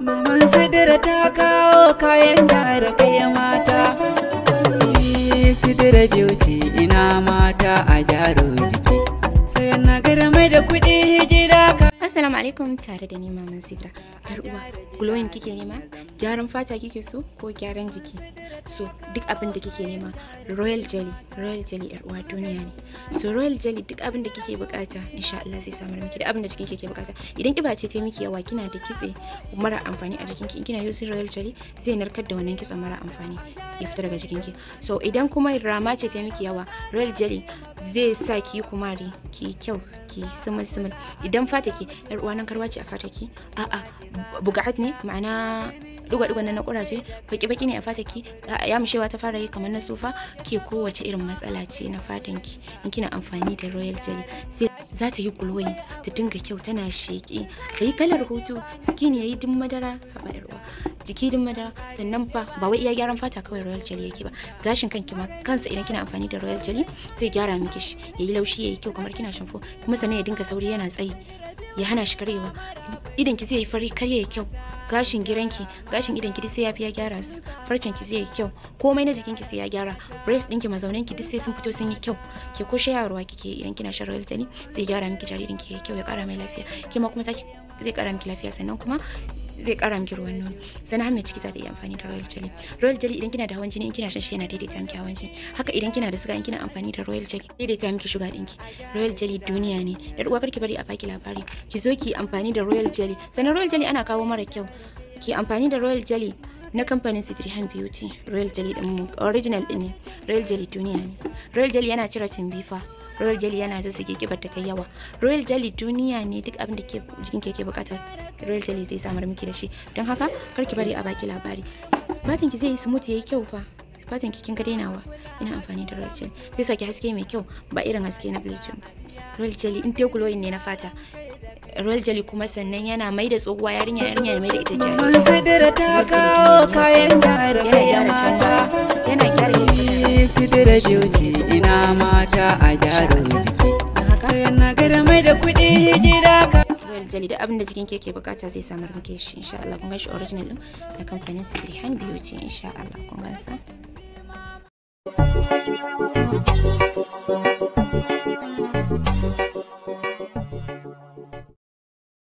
Maman sidira ta kawo kayan da kai mata. Sidira beauty ina mata a gyaro jiki. Sai na gara mai da kuɗi gida ka Assalamu alaikum tare da ni Maman Sidra. Yar uwa, glowing kike nema? Gyaran fata kike so ko gyaran jiki? So, duk abin da kike nema, Royal Jelly, Royal Jelly yar uwa duniya ne. So, Royal Jelly duk abin da kike bukata, insha Allah sai samar miki da abin da jikin kike bukata. Idan kiba ce ta miki yawa kina da kitse mara amfani a jikinki, in kina using Royal Jelly zai narkar da wannan kitse mara amfani ya fita daga jikinki. So, idan kuma rama ce ta miki yawa, Royal Jelly zai sa ki yi kumari ki kyau ki yi simal idan fata ke yar uwa nan karwaci a fata ke a'a bugat ne ma'ana duga duga na kuraje baki-baki ne a fata ya mushewa ta fara yi kamar na sofa ke kowace irin matsala ce na fatan ki in kina amfani da royal jelly sai za ta yi glowing ta dinga kyau tana sheƙi ta yi kalar hutu skin ya yi din madara haɓa yarwa jiki din madara sannan fa ba wai iya gyaran fata kawai royal jelly yake ba gashin kanki ma kansa idan kina amfani da royal jelly zai gyara miki shi yayi laushi yayi kyau kamar kina shampoo kuma sannan ya dinga sauri yana tsayi ya hana shi karyewa idan ki zai fari kar ya kyau gashin giranki gashin idan ki sai ya fi ya gyara su farcen ki zai yi kyau komai na jikin ki sai ya gyara breast ki mazaunin ki duk sai sun fito sun yi kyau ke ko shayarwa kike idan kina shan royal jelly zai gyara miki jaririn ki ya kyau ya kara mai lafiya kima kuma zai kara miki lafiya sannan kuma zai kara miki ruwan nono sannan har mai ciki zata ta iya amfani da royal jelly royal jelly idan kina da hawan jini in kina shan shi yana daidaita miki hawan jini haka idan kina da suga in kina amfani da royal jelly daidaita miki shuga dinki royal jelly duniya ne yar uwa karki bari a baki labari ki zo ki amfani da royal jelly sannan royal jelly ana kawo mara kyau ki amfani da royal jelly na kamfanin Citrihan Beauty Royal Jelly din original din ne Royal Jelly duniya ne Royal Jelly yana cire cimbifa Royal Jelly yana zazzage kibar ta yawa Royal Jelly duniya ne duk abin da ke jikin ke bukata Royal jelly zai samar miki da shi don haka kar ki bari a baki labari fatin ki zai yi smooth yayi kyau fa fatin ki kin ga dainawa ina amfani da royal jelly zai saki haske mai kyau ba irin haske na bleaching ba royal jelly in teku glowing ne na fata royal jelly kuma sannan yana mai da tsohuwa yarinya yarinya mai da ita jari yana gyara jiki sidira jauci ina mata a gyara jiki sai na gara mai da kuɗi hijira ka aljali da abin jikin ke ke bukata zai samar muke shi insha Allah kun shi original din da kamfanin Sibrihan Beauty insha Allah kun gansa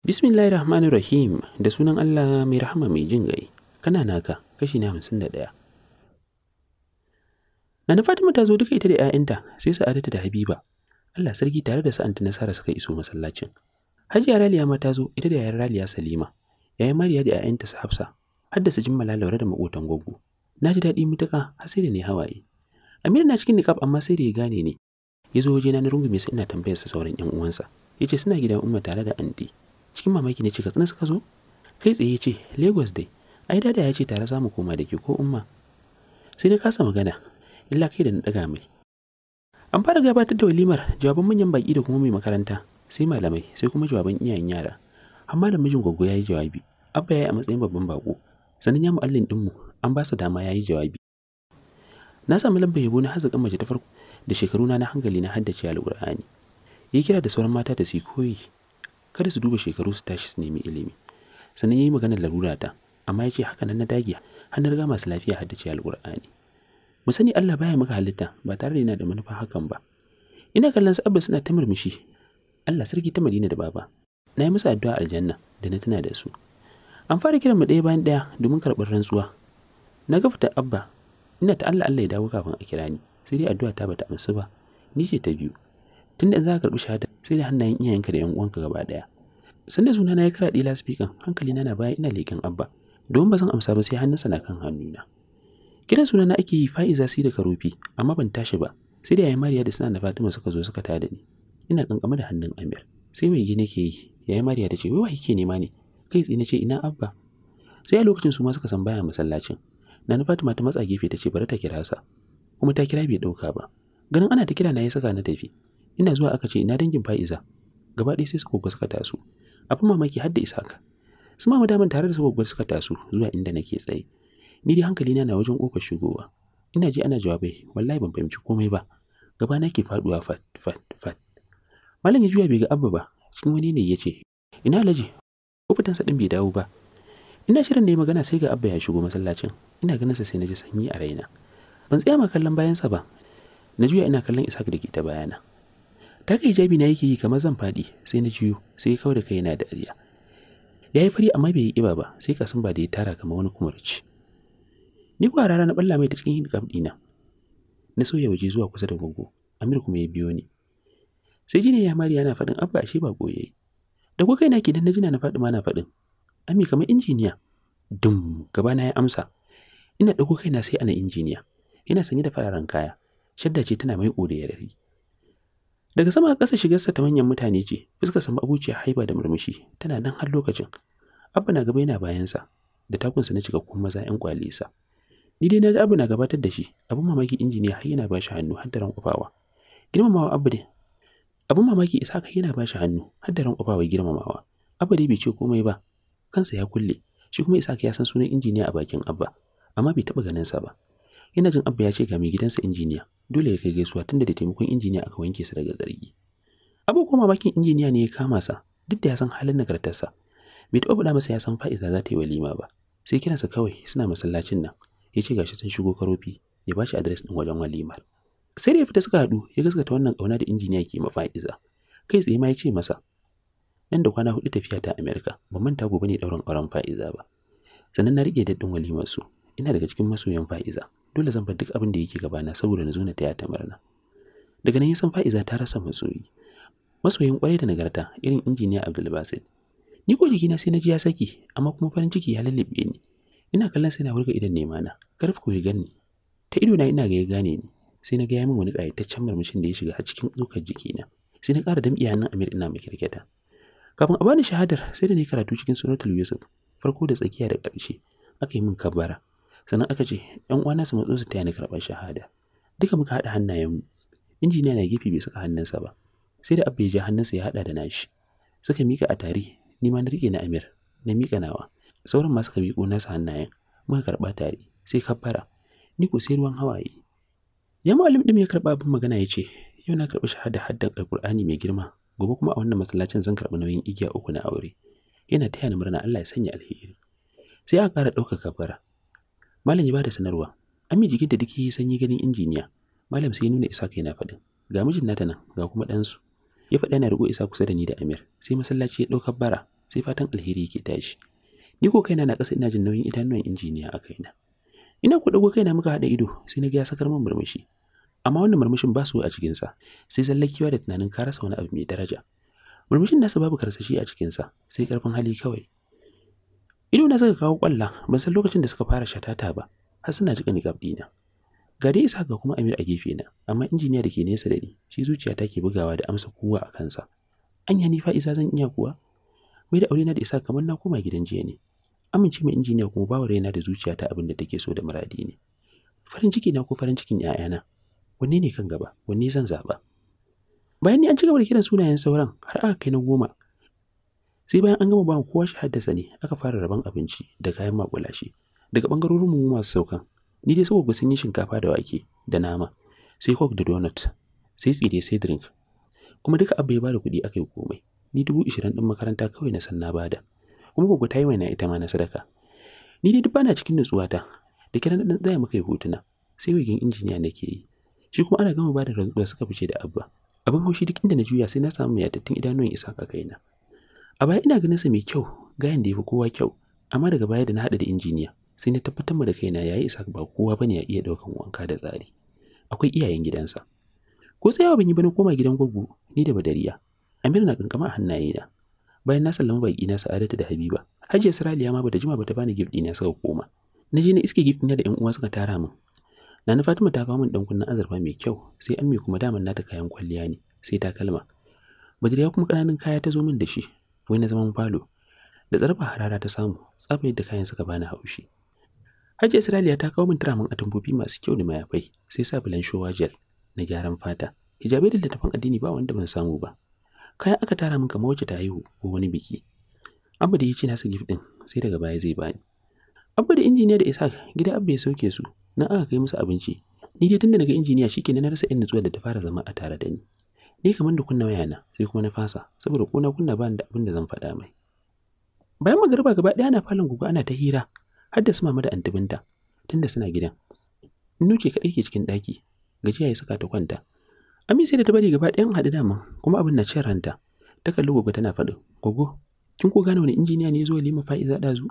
Bismillahir Rahmanir Rahim da sunan Allah mai rahama mai jin gai kana naka kashi na 51 Nana Fatima ta zo duka ita da 'ya'yanta sai Sa'adatu da Habiba Allah sarki tare da sa'anta nasara suka iso masallacin Hajiya Raliya ma ta zo ita da yayar Raliya Salima, yayin Mariya da ‘ya'yanta su Hafsa, har da su Jimmala da maƙotan Goggo. Na ji daɗi mutuka har sai da ne hawaye. Aminu na cikin niƙaf amma sai da ya gane ni. Ya zo wajena na rungume sai ina tambayar sa sauran ‘yan uwansa. Ya ce suna gidan Umma tare da anti. Cikin mamaki ne ce ka tsina suka zo? Kai tsaye ya ce Lagos dai. Ai dada ya ce tare za mu koma da ke ko Umma. Sai na kasa magana. Illa kai da na daga mai. An fara gabatar da walimar jawaban manyan baƙi da kuma mai makaranta. sai malamai sai kuma jawaban iyayen yara har malam mijin gwaggo ya yi jawabi abba ya yi a matsayin babban bako sannan ya mu'allin ɗinmu an ba su dama ya yi jawabi na samu lambar yabo na hazaƙan mace ta farko da shekaru na hangali na haddace alƙur'ani ya kira da sauran mata da su koyi kada su duba shekaru su tashi su nemi ilimi sannan ya yi maganar larura ta amma ya ce haka nan na dage har na riga masu lafiya haddace alƙur'ani mu sani Allah baya maka halitta ba tare da yana da manufa hakan ba ina kallon su abba suna ta murmushi Allah sarki ta Madina da baba na yi musu addu'a aljanna da na tuna da su an fara kiran mu ɗaya bayan ɗaya domin karɓar rantsuwa na ga ta abba ina ta Allah Allah ya dawo kafin a kira ni sai dai addu'a ta bata amsa ba ni ce ta biyu tunda za ka karɓi shahada sai da hannayen iyayenka da 'yan uwanka gaba ɗaya sanda suna na ya kira ɗila speaker hankali na na baya ina leƙen abba don ba zan amsa ba sai hannunsa na kan hannuna kiran suna na ake yi fa'iza si da karofi amma ban tashi ba sai da yi mariya da suna da fatima suka zo suka tada ni ina kankama da hannun Amir sai mai gine ke yi yayi Mariya ta ce wai wai ke nema ne kai tsaye na ce ina abba sai a lokacin su ma suka san baya masallacin Nana Fatima ta matsa gefe ta ce bari ta kira sa kuma ta kira bai dauka ba ganin ana ta kira na yi saka na tafi ina zuwa aka ce ina dangin Fa'iza gaba ɗaya sai su kogo suka taso abin mamaki har da ka. su ma madaman tare da su suka taso zuwa inda nake tsaye ni dai hankali na na wajen kofar shigowa ina ji ana jawabai wallahi ban fahimci komai ba gaba na ke faduwa fat fat fat malam ya juya bai ga abba ba cikin wani ne ya ce ina alhaji kubutansa ɗin bai dawo ba ina shirin da ya magana sai ga abba ya shigo masallacin ina ganin sa sai na ji sanyi a raina ban tsaya ma kallon bayansa ba na juya ina kallon Isaac da ke ta bayana ta kai hijabi na yake yi kamar zan faɗi sai na juyo sai ya kawar da kai yana da ariya ya yi fari amma bai yi ƙiba ba sai kasan ba da ya tara kamar wani kumarci ni kuwa rana na ɓalla mai ta cikin hidikaf ɗina na sauya waje zuwa kusa da gungu, amir kuma ya biyo ni sai jini ya mari yana faɗin abba ashe ba goye da kuka yana kidan na jina na faɗi ma na faɗin ami kamar injiniya dum gaba na ya amsa ina ɗauko kaina sai ana injiniya yana sanye da fararen kaya shadda ce tana mai ƙode ya rari daga sama a ƙasa shigarsa ta manyan mutane ce fuskar sama abuciya haiba da murmushi tana nan har lokacin abba na gaba yana bayansa da takunsa na cika kuma maza 'yan sa ni dai na ji abu na gabatar da shi abin mamaki injiniya har yana ba shi hannu har da rankwafawa girmamawa abu ne abin mamaki isa kai yana bashi hannu har da rankwafawa girmamawa abba dai bai ce komai ba kansa ya kulle shi kuma isa ya san sunan injiniya a bakin abba amma bai taɓa ganin sa ba yana jin abba ya ce ga mai gidansa injiniya dole ya kai gaisuwa tunda da taimakon injiniya aka wanke sa daga zargi abu ko mamakin injiniya ne ya kama sa duk da ya san halin nagartarsa bai taɓa faɗa masa ya san fa'iza za ta yi walima ba sai kiransa kawai suna masallacin nan ya ce gashi sun shigo karofi ya ba shi adres ɗin wajen walimar sai da ya fita suka haɗu ya gaskata wannan ƙauna da injiniya ke mafa'iza kai tsaye ma ya ce masa nan da kwana hudu tafiya ta amerika ban manta gobe ne ɗaurin auren fa'iza ba sannan na riƙe daɗin walimar su ina daga cikin masoyan fa'iza dole zan bar duk abin da yake gabana saboda na zo na taya ta murna daga nan ya san fa'iza ta rasa masoyi masoyin kwarai da nagarta irin injiniya abdulbasit ni ko jikina sai na ji ya saki amma kuma farin ciki ya lallabe ni ina kallon sai na wurga idan nema na karfi ko ya gani ta ido na ina ga ya gane ni sai na gaya min wani kayataccen murmushin da ya shiga har cikin jiki jikina sai na ƙara damƙiya hannun Amir ina mai kirkita kafin a bani shahadar sai da ni karatu cikin sunatul Yusuf farko da tsakiya da ƙarshe aka yi min kabbara sannan aka ce ƴan uwana su matso su taya ni karɓar shahada duka muka haɗa hannayenmu injiniya na gefe bai saka hannunsa ba sai da abu ya ja hannunsa ya haɗa da nashi suka mika a tare ni ma na riƙe na Amir na mika nawa sauran ma suka miƙo nasa hannayen muka karɓa tare sai kabara. ni ko sai ruwan hawaye ya malam ɗin ya karɓa abin magana ya ce yau na karɓi shahada haddan alƙur'ani mai girma gobe kuma a wannan masallacin zan karɓi nauyin igiya uku na aure yana taya ni murna Allah ya sanya alheri sai aka ƙara ɗaukar kafara malam ya bada sanarwa ami jigin da duk yi sanyi ganin injiniya malam sai ya nuna isa kai na faɗin ga mijin nata nan ga kuma ɗansu ya faɗa yana riƙo isa kusa da ni da amir sai masallaci ya ɗaukar bara sai fatan alheri yake tashi ni ko kaina na ƙasa ina jin nauyin idanuwan injiniya a kaina ina ku dago kaina muka haɗa ido sai na ga ya sakar min murmushi amma wannan murmushin ba su a cikinsa sai zallakiwa da tunanin karasa rasa wani abu mai daraja murmushin nasa babu karsashi a cikinsa sai karfin hali kawai ido na saka kawo kwalla ban san lokacin da suka fara shatata ba har suna jika niqab dina ga dai isa ga kuma amir a gefe na amma injiniya da ke nesa da ni shi zuciya ke bugawa da amsa kowa a kansa anya ni fa isa zan iya kuwa mai da aure na da isa kamar na koma gidan jiya ne amince mai injiniya kuma bawa raina da zuciyata abin da take so da muradi ne farin ciki na ko farin cikin 'ya'yana wanne ne kan gaba wanne zan zaɓa bayan ni an ci gaba da kiran sunayen sauran har aka kai na goma sai bayan an gama ba kowa shi haddasa ne aka fara rabon abinci da kayan makulashi daga bangarorin mu masu saukan ni dai saboda sun yi shinkafa da wake da nama sai coke da donut sai tsire sai drink kuma duka abu ya bada kuɗi aka yi komai ni dubu ishirin ɗin makaranta kawai na san na bada kuma ku ta yi waina ita ma na sadaka ni dai duk bana cikin nutsuwa ta da kira na dan tsaya muka yi hotuna sai wigin injiniya na ke yi shi kuma ana gama bada rantsuwa suka fice da abba abin haushi duk inda na juya sai na samu mayatattun idanuwan isa ka kaina a baya ina ganin sa mai kyau gayan da ya fi kowa kyau amma daga baya da na hada da injiniya sai na tabbatar ma da kaina yi isa ba kowa ba ne ya iya ɗaukan wanka da tsari akwai iyayen gidansa ko tsayawa ban yi ba na koma gidan gwaggo ni da badariya Amir na ƙanƙama a hannayena bayan na sallama baki na sa'adatu da habiba hajiya siraliya ma bata jima bata bani gift ɗina suka koma na ji na iske gift ɗina da ƴan uwa suka tara min Nana Fatima ta kawo min dan kunnan azurfa mai kyau, sai Ammi kuma daman nata kayan kwalliya ne, sai ta kalma. ya kuma kananan kaya ta zo min da shi, wai na zaman falo. Da tsarfa harara ta samu, tsafa yadda kayan suka bani haushi. Hajiya Israiliya ta kawo min turamin atumbobi masu kyau da mayafai, sai sa showa gel na gyaran fata. Hijabai da littafin addini ba wanda ban samu ba. kaya aka tara min kamar wacce ta haihu ko wani biki abba da ya ce nasa gift din sai daga baya zai bani abba da injiniya da isa gida abba ya sauke su na aka kai musu abinci ni dai tunda naga injiniya shikenan na rasa in nutsuwa da ta fara zama a tare da ni ni kamar da kunna waya na sai kuma na fasa saboda ko kunna ba da abin da zan faɗa mai bayan magariba gaba ɗaya na falon gugu ana ta hira har da su mama da antibinta tunda suna gidan nuce kaɗai ke cikin ɗaki gajiya ya saka ta kwanta Amin sai da ta bari gaba ɗayan haɗu dama kuma abin na cin ranta. Ta kalli gogo tana faɗin, gogo, kin ko gane wani injiniya ne zuwa lima fa'iza ɗazu?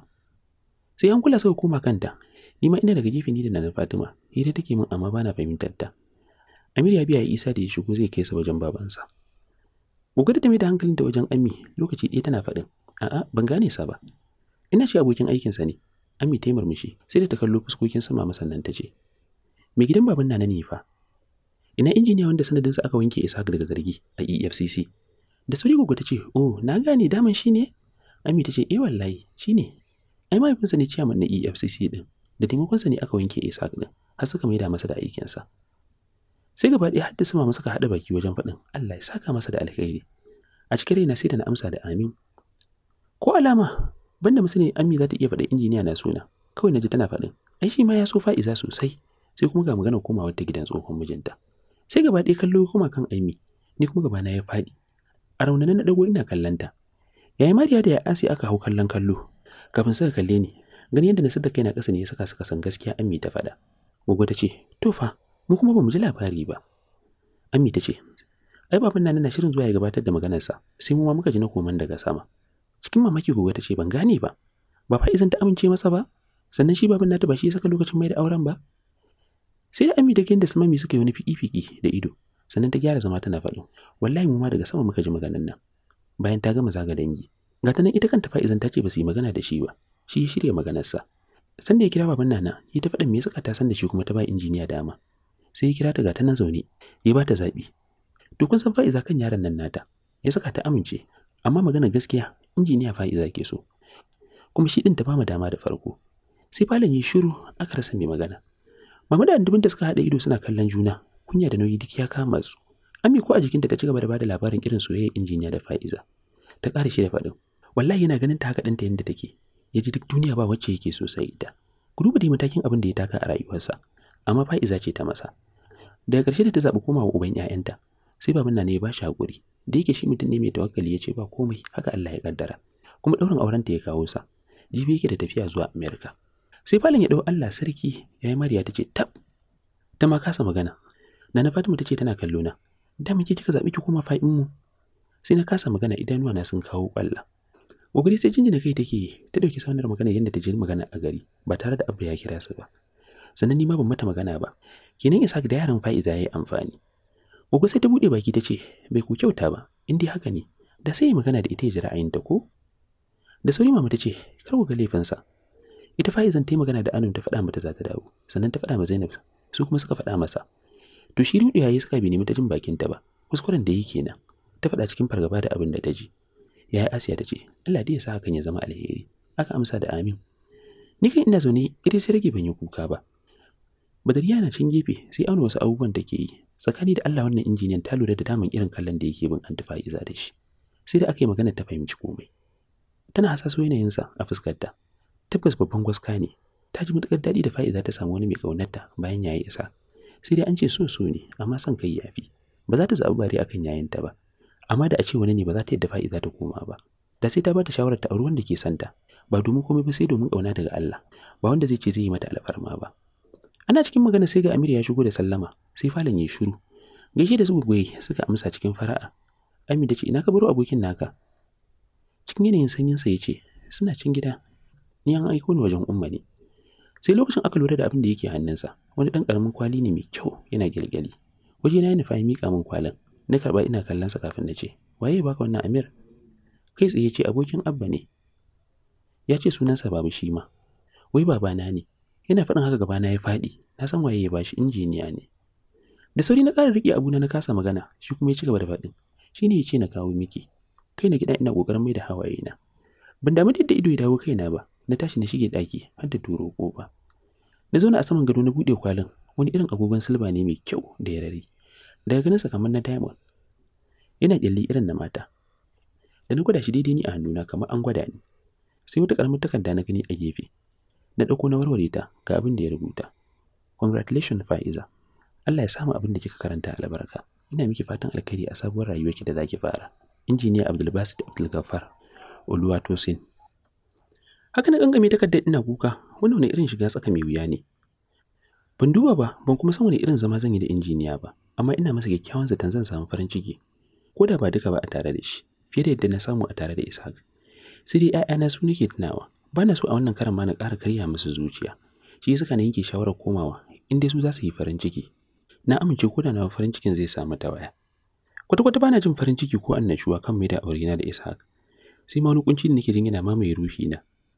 Sai an kula saka koma kanta, ni ma ina daga gefe ni da Nana Fatima, hira take min amma bana fahimtar ta. Amir ya biya Isa da ya shigo zai kai sa wajen babansa. Gogo da ta mai da hankalin ta wajen Ami lokaci ɗaya tana faɗin, a'a ban gane sa ba. Ina ce abokin aikinsa ne, Ami ta yi murmushi sai da ta kallo fuskokin sama masannan ta ce, Mai gidan baban Nana ne fa? ina injiniya wanda sanadinsa aka wanke isa daga zargi a EFCC da sauri gogo ta ce oh na gane daman shi ne Ami ta ce eh wallahi shi ne ai mahaifinsa ne ciyaman na EFCC din da taimakonsa ne aka wanke isa din har suka da masa da aikinsa sai gaba ɗaya har da sama masa haɗa baki wajen faɗin Allah ya saka masa da alkhairi a cikin raina sai da na amsa da amin ko alama banda musu ne Ami za ta iya faɗa injiniya na suna kawai na ji tana faɗin ai shi ma ya so fa'iza sosai sai kuma ga maganar komawar ta gidan tsohon mijinta sai gaba ɗaya kallo kuma kan aimi ni kuma gaba na ya faɗi a raunanin na dago ina kallanta yayi mariya da ya sai aka hau kallon kallo kafin suka kalle ni gani yadda na sadda kaina ƙasa ne ya saka suka san gaskiya ammi ta faɗa gogo ta ce to fa mu kuma bamu ji labari ba ammi ta ce ai baban nan na shirin zuwa ya gabatar da maganarsa sai mu ma muka ji na koman daga sama cikin mamaki gogo ta ce ban gane ba ba fa izan ta amince masa ba sannan shi na ta ba shi ya saka lokacin mai da auren ba sai da ami da genda su mami suka yi wani fiki-fiki da ido sannan ta gyara zama tana faɗo. wallahi mu ma daga sama muka ji maganan nan bayan ta gama zaga dangi ga nan ita kanta fa'izan ta ce ba su yi magana da shi ba shi ya shirya maganarsa san da ya kira baban nana ya ta faɗin me ya saka ta san da shi kuma ta ba injiniya dama sai ya kira ta ga nan zaune ya ba ta zaɓi to kun san fa'iza kan yaran nan nata ya saka ta amince amma maganar gaskiya injiniya fa'iza ke so kuma shi ɗin ta ba mu dama da farko sai falon ya shiru aka rasa mai magana Mama da Andubin da suka haɗa ido suna kallon juna, kunya da nauyi duk ya kama su. Ami ko a jikinta ta ci gaba da bada labarin irin soyayyar injiniya da fa'iza. Ta ƙara shi da faɗin. Wallahi yana ganin ta haka ɗanta yadda take. Ya ji duk duniya ba wacce yake so sai ita. Ku duba dai matakin abin da ya taka a rayuwarsa. Amma fa'iza ce ta masa. Daga ƙarshe da ta zaɓi komawa uban 'ya'yanta. Sai baban nan ne ya ba shi haƙuri. Da yake shi mutum ne mai tawakkali ya ce ba komai haka Allah ya kaddara. Kuma ɗaurin ta ya kawo sa. Jibi yake da tafiya zuwa Amerika. sai falon ya ɗau Allah sarki ya yi Mariya ta ce tab ta ma kasa magana Nana Fatima ta ce tana kallo na da miki kika zaɓi ki koma fa'in mu sai na kasa magana idanuwa na sun kawo ƙwalla Gogori sai jinjina kai take ta ɗauki saunar magana yadda ta je magana a gari ba tare da abu ya kira su ba sannan ni ma ban mata magana ba kenan isa da yaran Fa'iza yi amfani Gogo sai ta buɗe baki ta ce bai ku kyauta ba in dai haka ne da sai magana da ita ya ji ra'ayinta ko da sauri mama ta ce kar ku ga laifinsa ita Faizan ta magana da Anu ta faɗa mata za ta dawo sannan ta faɗa ma Zainab su kuma suka faɗa masa to shi Rudiya yayi suka bi ne ta jin bakin ta ba kuskuren da yake nan ta faɗa cikin fargaba da abin da ta ji yayi Asiya ta ce Allah dai ya sa hakan ya zama alheri aka amsa da amin ni kai ina zaune ita sai rage ban yi kuka ba Badariya na cin gefe sai auna wasu abubuwan take yi tsakani da Allah wannan injiniyan ta lura da daman irin kallon da yake bin iza da shi sai da aka yi magana ta fahimci komai tana hasaso yanayinsa a fuskarta tabbas babban gwaska ne ta ji matukar daɗi da fa'ida ta samu wani mai ƙaunarta bayan yayi isa sai dai an ce so so ne amma son kai yafi ba za ta zaɓi bare akan yayinta ba amma da a ce wani ne ba za ta yadda fa'ida ta koma ba da sai ta ba ta shawarar ta auri wanda ke santa ba domin komai ba sai domin ƙauna daga Allah ba wanda zai ce zai yi mata alfarma ba ana cikin magana sai ga Amir ya shigo da sallama sai falon ya shiru gaishe da zubugwaye suka amsa cikin fara'a Ami da ce ina ka baro abokin naka cikin yanayin sanyin sa yace suna cin gida ni an aiko ni wajen umma ne sai lokacin aka lura da abin da yake hannunsa wani dan karamin kwali ne mai kyau yana gilgali waje na yana fahimi mika min kwalin na karba ina kallon sa kafin na ce waye baka wannan Amir kai tsaye ce abokin abba ne ya ce sunansa babu shi ma wai babana ne yana faɗin haka gabana ya faɗi na san waye ya bashi injiniya ne da sauri na ƙara riƙe abuna na kasa magana shi kuma ya ci gaba da faɗin shi ne ya ce na kawo miki kai na gida ina ƙoƙarin mai da hawaye na ban damu da ido ya dawo kaina ba na tashi na shige daki har da turo ƙofa na zauna a saman gado na buɗe kwalin wani irin agogon silba ne mai kyau da yarare daga ganinsa kamar na diamond yana ƙyalli irin na mata da na gwada shi daidai ni a hannuna kamar an gwada ni sai wata karamin takarda na gani a gefe na ɗauko na warware ta ga abin da ya rubuta congratulations fa'iza Allah ya samu abin da kika karanta albarka ina miki fatan alkhairi a sabuwar rayuwarki da zaki fara injiniya abdulbasit abdulgafar oluwatosin haka na kankame takardar ina kuka wannan wani irin shiga tsaka mai wuya ne ban duba ba ban kuma san wani irin zama zan yi da injiniya ba amma ina masa kyakkyawan zaton zan samu farin ciki ko da ba duka ba a tare da shi fiye da yadda na samu a tare da Ishaq sai dai na su nake tunawa ba na so a wannan karan ma na ƙara karya musu zuciya shi ya saka na yanke shawarar komawa in dai su za su yi farin ciki na amince ko da na farin cikin zai samu ta waya kwata-kwata bana jin farin ciki ko annashuwa kan mai da aure na da Ishaq sai ma wani kunci da nake jin yana mamaye ruhi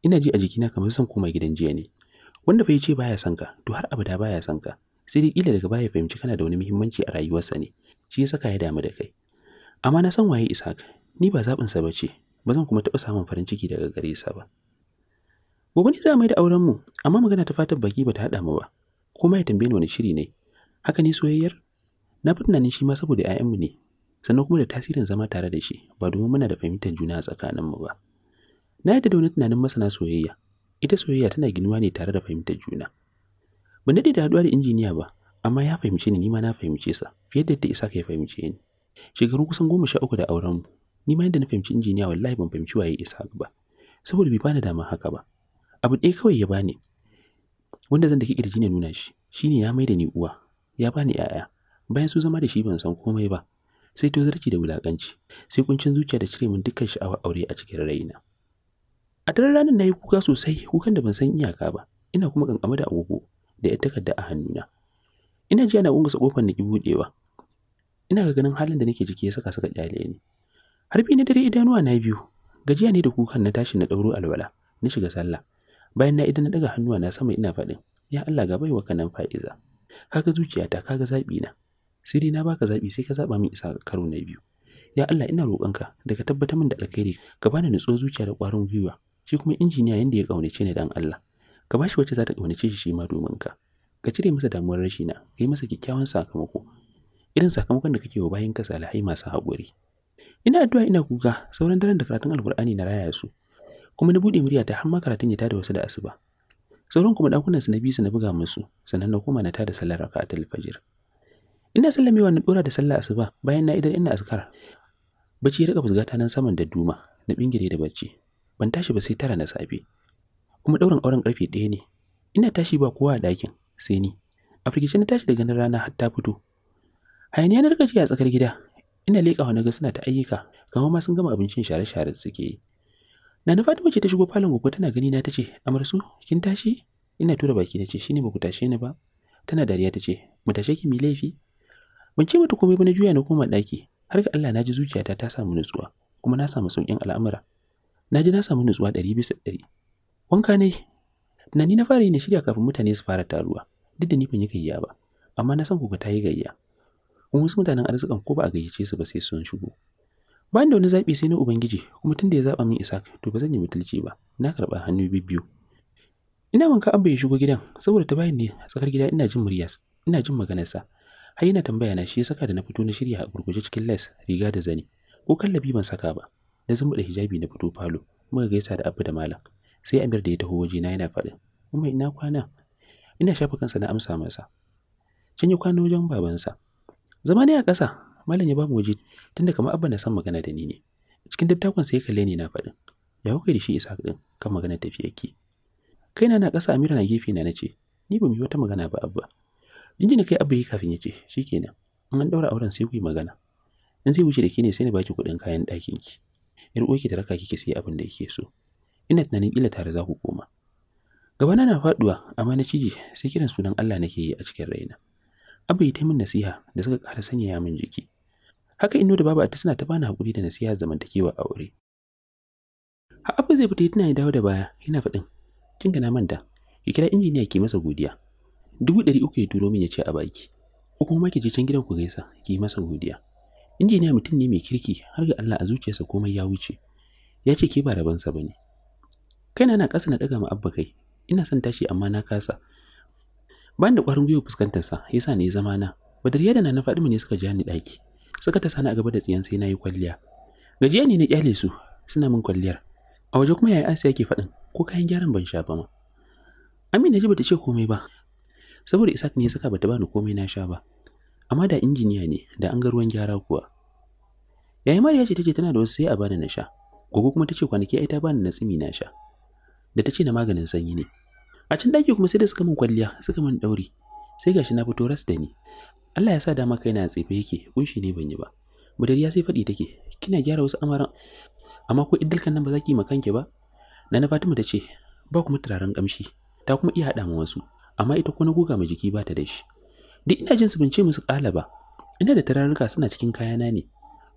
ina ji a jikina kamar zan koma gidan jiya ne wanda fa yace baya son ka to har abada baya san ka sai dai kila daga baya fahimci kana da wani muhimmanci a rayuwarsa ne shi ya saka ya damu da kai amma na san waye ka ni ba zabin sa bace ba zan kuma taɓa samun farin ciki daga gare sa ba gobe ne za mu yi da auren mu amma magana ta fatan baki ba ta haɗa mu ba kuma ya tambaye ni wani shiri ne haka ne soyayyar na fi tunanin shi ma saboda 'ya'yanmu ne sannan kuma da tasirin zama tare da shi ba domin muna da fahimtar juna a tsakaninmu ba Na yadda da wani tunanin masana soyayya, ita soyayya tana ginuwa ne tare da fahimtar juna. ba nade da haɗuwa da injiniya ba, amma ya fahimce ni nima na fahimce sa, fiye da yadda isa ka ya fahimce ni. Shekaru kusan goma sha uku da auren mu, ni ma yadda na fahimci injiniya wallahi ban fahimci waye isa ba, saboda bai bani dama haka ba. Abu ɗaya kawai ya bani, wanda zan da ƙirji na nuna shi, shine ya mai da ni uwa, ya bani 'ya'ya, bayan su zama da shi ban san komai ba. sai to zarci da wulakanci sai kuncin zuciya da cire min dukkan sha'awar aure a cikin raina a daren ranar na yi kuka sosai kukan da ban san iyaka ba ina kuma kankama da agogo da ya takarda a hannuna ina ji ana ungasa kofar na ki budewa ina ga ganin halin da nake ciki ya saka saka kyale ni har bi na dare idanuwa na biyu gajiya ne da kukan na tashi na dauro alwala na shiga sallah bayan na idan na daga hannuwa na sama ina faɗin ya Allah ga baiwa kanan fa'iza kaga zuciyata kaga zabi na sai na baka zabi sai ka zaba min isa karo na biyu ya Allah ina roƙonka daga tabbatar min da alkhairi ka bani nutsuwar zuciya da ƙwarin gwiwa shi kuma injiniya yanda ya ƙaunace ni dan Allah ka bashi wacce za ta ƙaunace shi shi ma domin ka ka cire masa damuwar rashi na ka yi masa kyakkyawan sakamako irin sakamakon da kake wa bayan ka salihai masu haƙuri ina addu'a ina kuka sauran daren da karatun alkur'ani na raya su kuma na buɗe murya ta har ma karatun ya tada wasu da asuba sauran kuma dakunan su na biyu su na buga musu sannan na koma na tada sallar raka'atul fajr ina sallamewa na dora da sallar asuba bayan na idan ina askar bacci ya rika fusgata nan saman da duma na bingire da bacci ban tashi ba sai tara na safe kuma ɗaurin auren karfe ɗaya ne ina tashi ba kowa a dakin. sai ni a firgice na tashi daga na rana har ta fito hayaniya na rikaci a tsakar gida ina leƙawa na ga suna ta ayyuka kamar ma sun gama abincin share-share suke yi na nufa da mace ta shigo falon gobe tana gani na ta ce amarsu kin tashi ina tura baki na ce shine ba ku tashe ni ba tana dariya ta ce mu tashe ki mi laifi ban ce mata komai ba na juya na koma ɗaki har ga Allah na ji zuciyata ta samu nutsuwa kuma na samu sauƙin al'amura na ji na samu nutsuwa ɗari bisa ɗari wanka ne na ni na fara yi na shirya kafin mutane su fara taruwa duk da ni ban yi gayya ba amma na san kuka ta yi gayya kuma wasu mutanen arzikin ko ba a gayyace su ba sai sun shigo bayan da wani zaɓi sai na ubangiji kuma tun da ya zaɓa min isak to ba zan yi mutulci ba na karɓa hannu biyu biyu ina wanka an bai shigo gidan saboda ta bayan ne a tsakar gida ina jin muryas ina jin maganarsa har yana tambaya na shi ya saka da na fito na shirya a gurguje cikin les riga da zani ko kallabi ban saka ba na da hijabi na fito falo muka gaisa da abu da malam sai amir da ya taho na yana faɗin umma ina kwana ina shafa kansa na amsa masa can ya kwana wajen babansa zama ne a ƙasa malam ya ba mu waje tunda kama abba na san magana da ni ne cikin dattakon sai kalle ne na faɗin ya kuka da shi isa ɗin, kan magana tafiyarki kai na ƙasa amira na gefe na ce. ni ba mu yi wata magana ba abba jinjina kai abu yi kafin ya ce shikenan in an ɗaura auren sai ku yi magana in zai wuce da ki ne sai na baki kuɗin kayan ɗakin ki yar uwarki da raka kike sai abin da yake so ina tunanin kila tare za ku koma gaba na faduwa amma na ciji sai kiran sunan Allah nake yi a cikin raina abu yi ta min nasiha da suka ƙara sanyaya min jiki haka ino da baba ta suna ta bani hakuri da nasiha zamantakewa aure har abu zai fita tana ya dawo da baya yana faɗin kin ga na manta ki kira injiniya ki masa godiya dubu ɗari uku ya turo min ya ce a baki ko kuma ki je can gidan ku gaisa ki masa godiya injiniya mutum ne mai kirki har ga Allah a zuciyarsa komai ya wuce ya ce ke ba rabansa ba ne kai na kasa na ɗaga ma abba kai ina son tashi amma na kasa ban da ƙwarin gwiwa fuskantarsa ya sa ne zama na Badar yadda na faɗi ne suka ja ni ɗaki suka ta sani a gaba da tsiyan sai na yi kwalliya gajiya ne na kyale su suna min kwalliyar a waje kuma yayi asiya ke faɗin ko kayan gyaran ban sha ba ma amina ji bata ce komai ba saboda Isaac ne suka bata bata bani komai na sha ba amma da injiniya ne da an ga ruwan gyara kuwa yayin mariya ce tace tana da wasu sai a bani na sha gogo kuma tace kwanaki ai ta bani na tsimi na sha da tace na maganin sanyi ne a can daki kuma sai da suka min kwalliya suka min dauri sai gashi na fito ras da ni Allah ya sa dama kaina a tsefe yake kunshi ne ban yi ba ya sai faɗi take kina gyara wasu amaran amma ko idilkan nan ba za ki yi makanki ba nana fatima ta ce ba kuma turaren kamshi ta kuma iya hada ma wasu amma ita ko na guga ma jiki ba ta da shi duk ina jin su ban ce musu kala ba ina da tararruka suna cikin kayana ne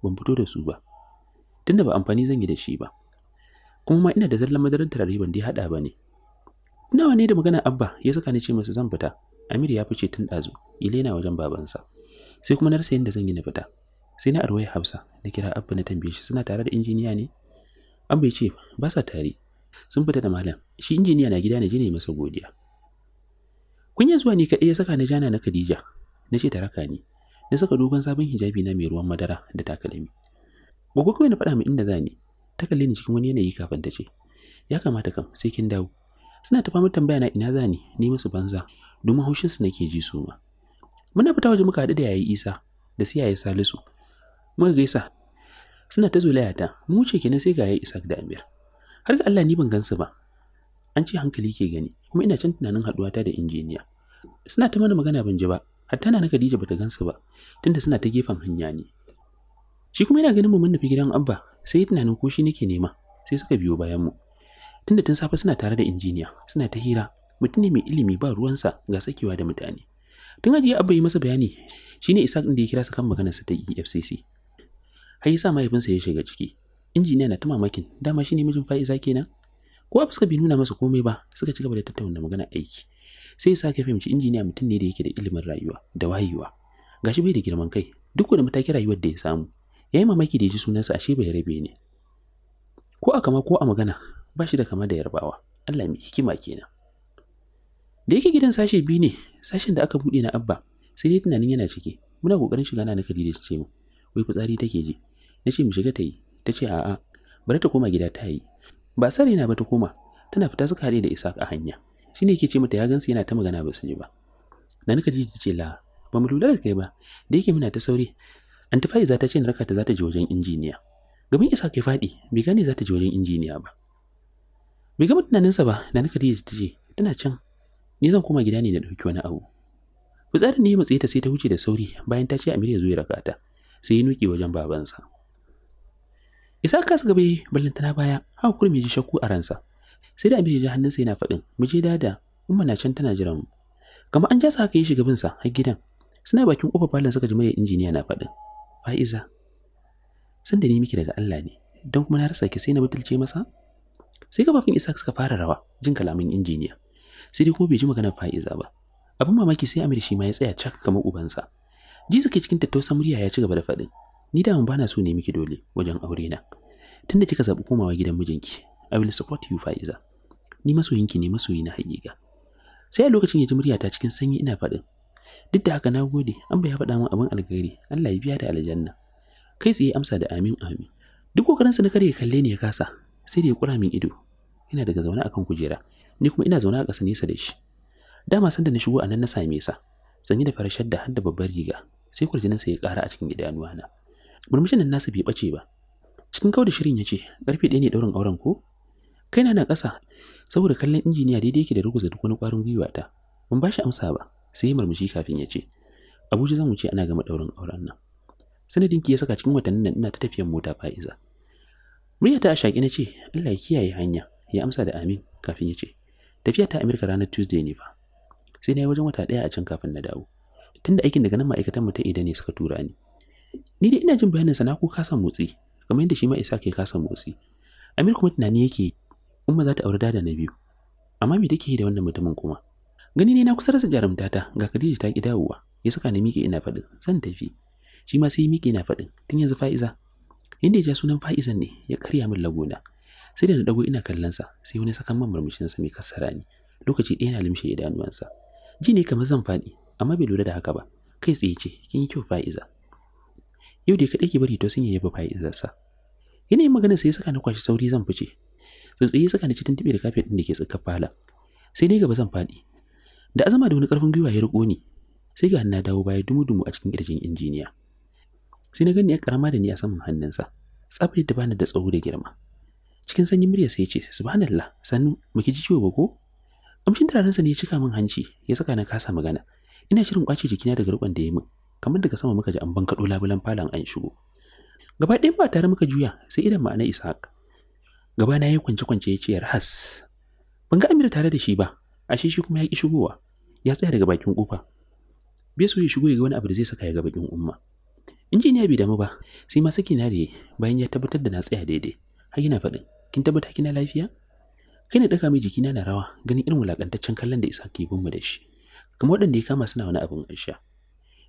ban fito da su ba tunda ba amfani zan yi da shi ba kuma ma ina da zallan madarar tarari ban dai haɗa ba ne nawa ne da magana abba ya saka ni ce musu zan fita amir ya fice tun ɗazu ilena wajen babansa sai kuma na rasa yadda zan yi na fita sai na arwaya hafsa na kira abba na tambaye shi suna tare da injiniya ne abba ya ce ba sa tare sun fita da malam shi injiniya na gida na je ne masa godiya Kunya zuwa ni kaɗai ya saka na jana na Khadija. Na ce ta raka ni. Na saka dogon sabon hijabi na mai ruwan madara da takalmi. gogo kawai na faɗa min inda zani ni. Ta kalle ni cikin wani yanayi kafin ta ce, "Ya kamata kam sai kin dawo." Suna tafa mu tambaya na ina zani ni, ni musu banza, domin haushin su nake ji su ma. Muna fita waje muka haɗu da yayi Isa da su yayi Salisu. Muka gaisa. Suna ta zulaya ta, mu wuce kenan sai ga yayi Isa da Amir. Har ga Allah ni ban gansu ba. An ce hankali ke gani. kuma ina can tunanin haɗuwata da injiniya suna ta mana magana ban ji ba hatta na Khadija bata gansu ba tunda suna ta gefen hanya ne shi kuma yana ganin mu mun nufi gidan Abba sai tunanin ko shi nake nema sai suka biyo bayan mu tunda tun safe suna tare da injiniya suna ta hira mutum ne mai ilimi ba ruwansa ga sakewa da mutane tun ajiye Abba yi masa bayani shine Isaac din da ya kira su kan magana e sa ta EFCC har yasa mahaifinsa ya shiga ciki injiniya na ta mamakin dama shine mijin Fa'iza kenan ko kowa fuska bai nuna masa komai ba suka ci gaba da tattauna magana aiki sai sa ka fahimci injiniya mutum ne da yake da ilimin rayuwa da wayewa gashi bai da girman kai duk da matakin rayuwar da ya samu yayi mamaki da ya ji sunansa ashe bai rabe ne ko a kama ko a magana ba shi da kama da yarbawa Allah mai hikima kenan da yake gidan sashe biyu ne sashen da aka buɗe na abba sai dai tunanin yana cike muna kokarin shiga na nakali da ce mu wai fitsari take ji na ce mu shiga ta yi ta ce a'a bari ta koma gida ta yi ba sa na ba ta koma tana fita suka haɗe da Isaac a hanya shine yake ce mata ya gansu yana ta magana ba su ji ba Nana Khadija ce la ba mu lura da kai ba da yake muna ta sauri Anti Faiza ta ce na raka ta za ta je wajen injiniya gaban Isaac ya faɗi bai gane za ta je wajen injiniya ba bai gama tunaninsa ba na Nana ji ta ce tana can ni zan koma gida ne da ɗauki wani abu fitsarin ne ya matsaye ta sai ta wuce da sauri bayan ta ce Amir ya zo ya raka ta sai ya nuki wajen babansa isa kasa gaba yi ballantana baya haka ya ji shakku a ransa sai da abin ya ji hannunsa yana faɗin mu je dada umma na can tana jiran mu kama an ja sa haka yi shiga sa har gidan suna bakin kofar falon suka ji mai injiniya na faɗin fa'iza san da ni miki daga Allah ne don kuma na rasa ki sai na mutulce masa sai kafafin isa suka fara rawa jin kalamin injiniya sai dai kuma bai ji maganar fa'iza ba abin mamaki sai amir shi ma ya tsaya cak kamar ubansa ji suke cikin tattausan murya ya ci gaba da faɗin ni da mun bana so ne miki dole wajen aure na tunda kika zaɓi komawa gidan mijinki I will support you Faiza ni masoyinki ne masoyi na hakika sai a lokacin ya ji muryata cikin sanyi ina faɗin duk da haka na gode an bai faɗa min abin alkhairi Allah ya biya da aljanna kai tsaye amsa da amin amin duk kokarin sa na kare ya kalle ni ya kasa sai da ya kura min ido ina daga zaune akan kujera ni kuma ina zaune a ƙasa nesa da shi dama san da na shigo a nan na same sa sanye da farashar da har da babbar riga sai sa ya ƙara a cikin idanuwana murmushin nan nasa bai bace ba cikin kawai shirin ya ce ƙarfe ɗaya ne ɗaurin auren ko kai na na ƙasa saboda kallon injiniya daidai yake da ruguza duk wani ƙwarin gwiwa ta ban ba shi amsa ba sai ya murmushi kafin ya ce abuja zan wuce ana gama ɗaurin auren nan sanadin ki ya saka cikin watannin nan ina ta tafiyan mota fa'iza murya ta a shaƙi na ce allah ya kiyaye hanya ya amsa da amin kafin ya ce tafiya ta amurka ranar tuesday ne fa sai na yi wajen wata ɗaya a can kafin na dawo tunda aikin daga nan ma'aikatan mu ta ida ne suka tura ni ni dai ina jin bayanin sa ko motsi kamar yadda shi ma Isa ke kasa motsi Amir kuma tunani yake umma za ta aure dada na biyu amma me take yi da wannan mutumin kuma gani ne na kusa rasa jarumtata ga kadija ta ki dawowa ya saka ni miƙe ina faɗin zan tafi shi ma sai miƙe ina faɗin tun yanzu Fa'iza inda ya ja sunan Fa'izan ne ya karya min lagona sai da na dago ina kallon sa sai wani sakan man murmushin sa mai kassara ni lokaci ɗaya na limshe idanuwansa ji ne kamar zan faɗi amma bai lura da haka ba kai tsaye ce kin yi kyau Fa'iza yau da kaɗai ke bari to sun yayi bafa izarsa yanayin magana sai saka na kwashi sauri zan fice tsuntsaye saka na ci tuntube da kafet ɗin da ke tsakar fala sai dai gaba zan faɗi da azama da wani ƙarfin gwiwa ya riƙo ni sai ga hannu dawo baya dumu-dumu a cikin ƙirjin injiniya sai na gani ya karama da ni a saman hannunsa tsaba yadda bani da tsawo da girma cikin sanyin murya sai ya ce subhanallah sannu muke ji ciwo ba ko kamshin sa ne ya cika min hanci ya saka na kasa magana ina shirin kwace jikina daga ruban da ya min kamar daga sama muka ji an bankaɗo labulan falon an shigo gaba ɗaya ba tare muka juya sai idan ma'ana ishaq gaba na yi kwance-kwance ya ce has ban ga amira tare da shi ba ashe shi kuma ya ki shigowa ya tsaya daga bakin ƙofa bai so ya shigo ya ga wani abu da zai saka ya ga bakin umma injiniya bai damu ba sai ma saki na da bayan ya tabbatar da na tsaya daidai har yana faɗin kin tabbata kina lafiya kai ne ɗaga mai jikina na rawa ganin irin wulakantaccen kallon da isa ke bin mu da shi kamar waɗanda ya kama suna wani abin sha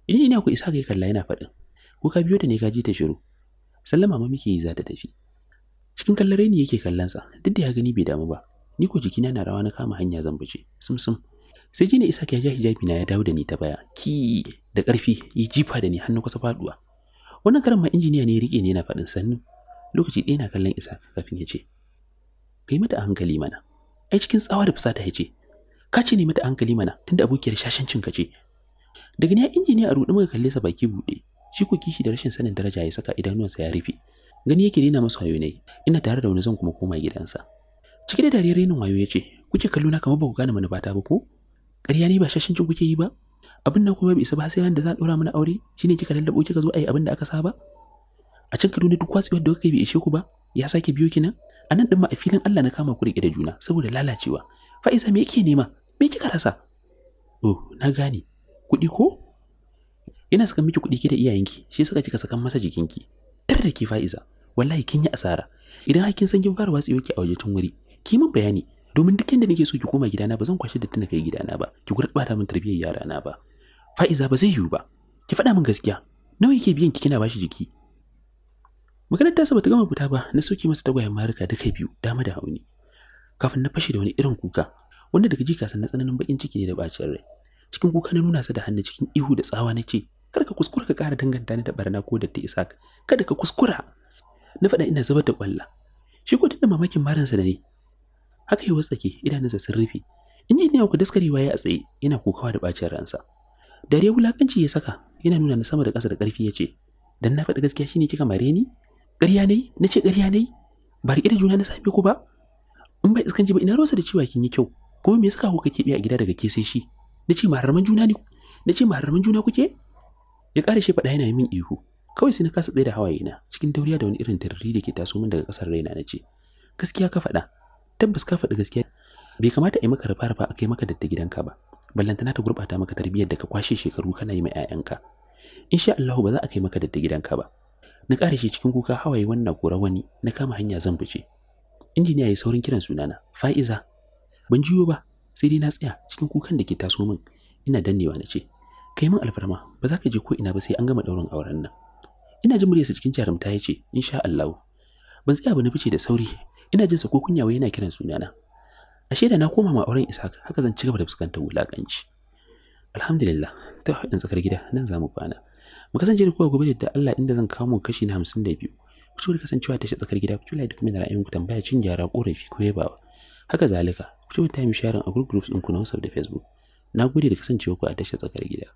injiniya ku isa ga kalla yana faɗin kuka biyo ta ne ka ji ta shiru sallama ma muke yi za ta tafi cikin kallare ni yake kallansa duk da ya gani bai damu ba ni ko jikina na rawa na kama hanya zan bace. sumsum sai jina isa ya ja hijabi na ya dawo da ni ta baya ki da ƙarfi ya jifa da ni hannu kusa faduwa wannan karan ma injiniya ne rike ne yana faɗin sannu lokaci ɗaya na kallon isa kafin ya ce kai mata hankali mana ai cikin tsawa da fusata ya ce ka ce ne mata hankali mana tunda abokiyar shashancin ka ce daga ni injiniya a ruɗe muka kalle sa baki buɗe shi ku kishi da rashin sanin daraja ya saka idanuwansa ya rufe gani yake nina masa wayo ne ina tare da wani zan kuma koma gidansa cike da dariyar renin wayo ya ce kuke kallo na kamar ba ku gane bata ba ko ƙarya ne ba shashin cin kuke yi ba abin nan kuma bai isa ba sai ran da za a ɗora mana aure shine kika lallabo kika zo a yi abin da aka saba a can Kaduna duk watsewar da kuka yi bai ishe ku ba ya sake biyo ki nan a nan din ma a filin Allah na kama ku rike da juna saboda lalacewa faisa me yake nema me kika rasa oh na gane kuɗi ko ina saka miki kuɗi ki da iyayenki shi saka kika saka masa jikinki tar da ki fa'iza wallahi kin yi asara idan har kin san kin fara watsi ki a waje tun wuri ki min bayani domin duk da nake so ki koma gidana ba zan kwashe da tuna kai gidana ba ki gurɓata min tarbiyyar na ba fa'iza ba zai yiwu ba ki faɗa min gaskiya nawa yake biyan ki kina bashi jiki maganar ta ba ta gama fita ba na soke masa tagwayen marika duka biyu dama da hauni kafin na fashe da wani irin kuka wanda daga jika san na tsananin bakin ciki ne da bacin rai cikin kuka na nuna su da hannu cikin ihu da tsawa na ce kar ka kuskura ka ƙara danganta ni da barna ko datti ka kada ka kuskura na faɗa ina zubar da ƙwalla shi ko tunda mamakin maransa da ne haka yi watsake idanunsa sun rufe injiniya ku daskare ya a tsaye yana kokawa da bacin ransa dare wulakanci ya saka yana nuna na sama da ƙasa da ƙarfi ya ce dan na faɗi gaskiya shine kika mare ni ƙarya yi? na ce ƙarya nayi ba riƙe da juna na same ku ba in bai iskanci ba ina rosa da cewa kin yi kyau kuma me yasa kuka keɓe a gida daga ke sai shi na ce mararman juna ne na ce mararman juna kuke ya ƙara shi faɗa yana min ihu kawai sai na kasa tsaye da hawaye na cikin dauriya da wani irin tarri da ke taso min daga ƙasar raina na ce gaskiya ka faɗa tabbas ka faɗi gaskiya bai kamata a yi maka rufa rufa a kai maka datta gidanka ba ballantana ta gurɓata maka tarbiyyar da ka kwashe shekaru kana yi ma 'ya'yanka insha Allahu ba za a kai maka datta gidanka ba na ƙara shi cikin kuka hawaye wannan kura wani na kama hanya zan buce. injiniya ya saurin kiran sunana fa'iza ban jiyo ba sai dai na tsaya cikin kukan da ke taso min ina dannewa na ce kai min alfarma ba za ka je ko ina ba sai an gama daurin auren nan ina jin muryarsa cikin jarumta ya ce insha Allah ban tsaya ba na fice da sauri ina jin sa ko kunyawa yana kiran sunana ashe da na koma ma auren Ishaq haka zan ci gaba da fuskantar wulakanci alhamdulillah ta in tsakar gida nan za mu kwana mu kasance da kowa gobe da Allah inda zan kawo kashi na 52 ku ci kasancewa ta shi tsakar gida ku tulaye duk mai ra'ayin ku tambaya cin gyara korafi ko yabawa haka zalika ku ci time sharing a group groups ɗinku na WhatsApp da Facebook. Na gode da kasancewa ku a tashar tsakar gida.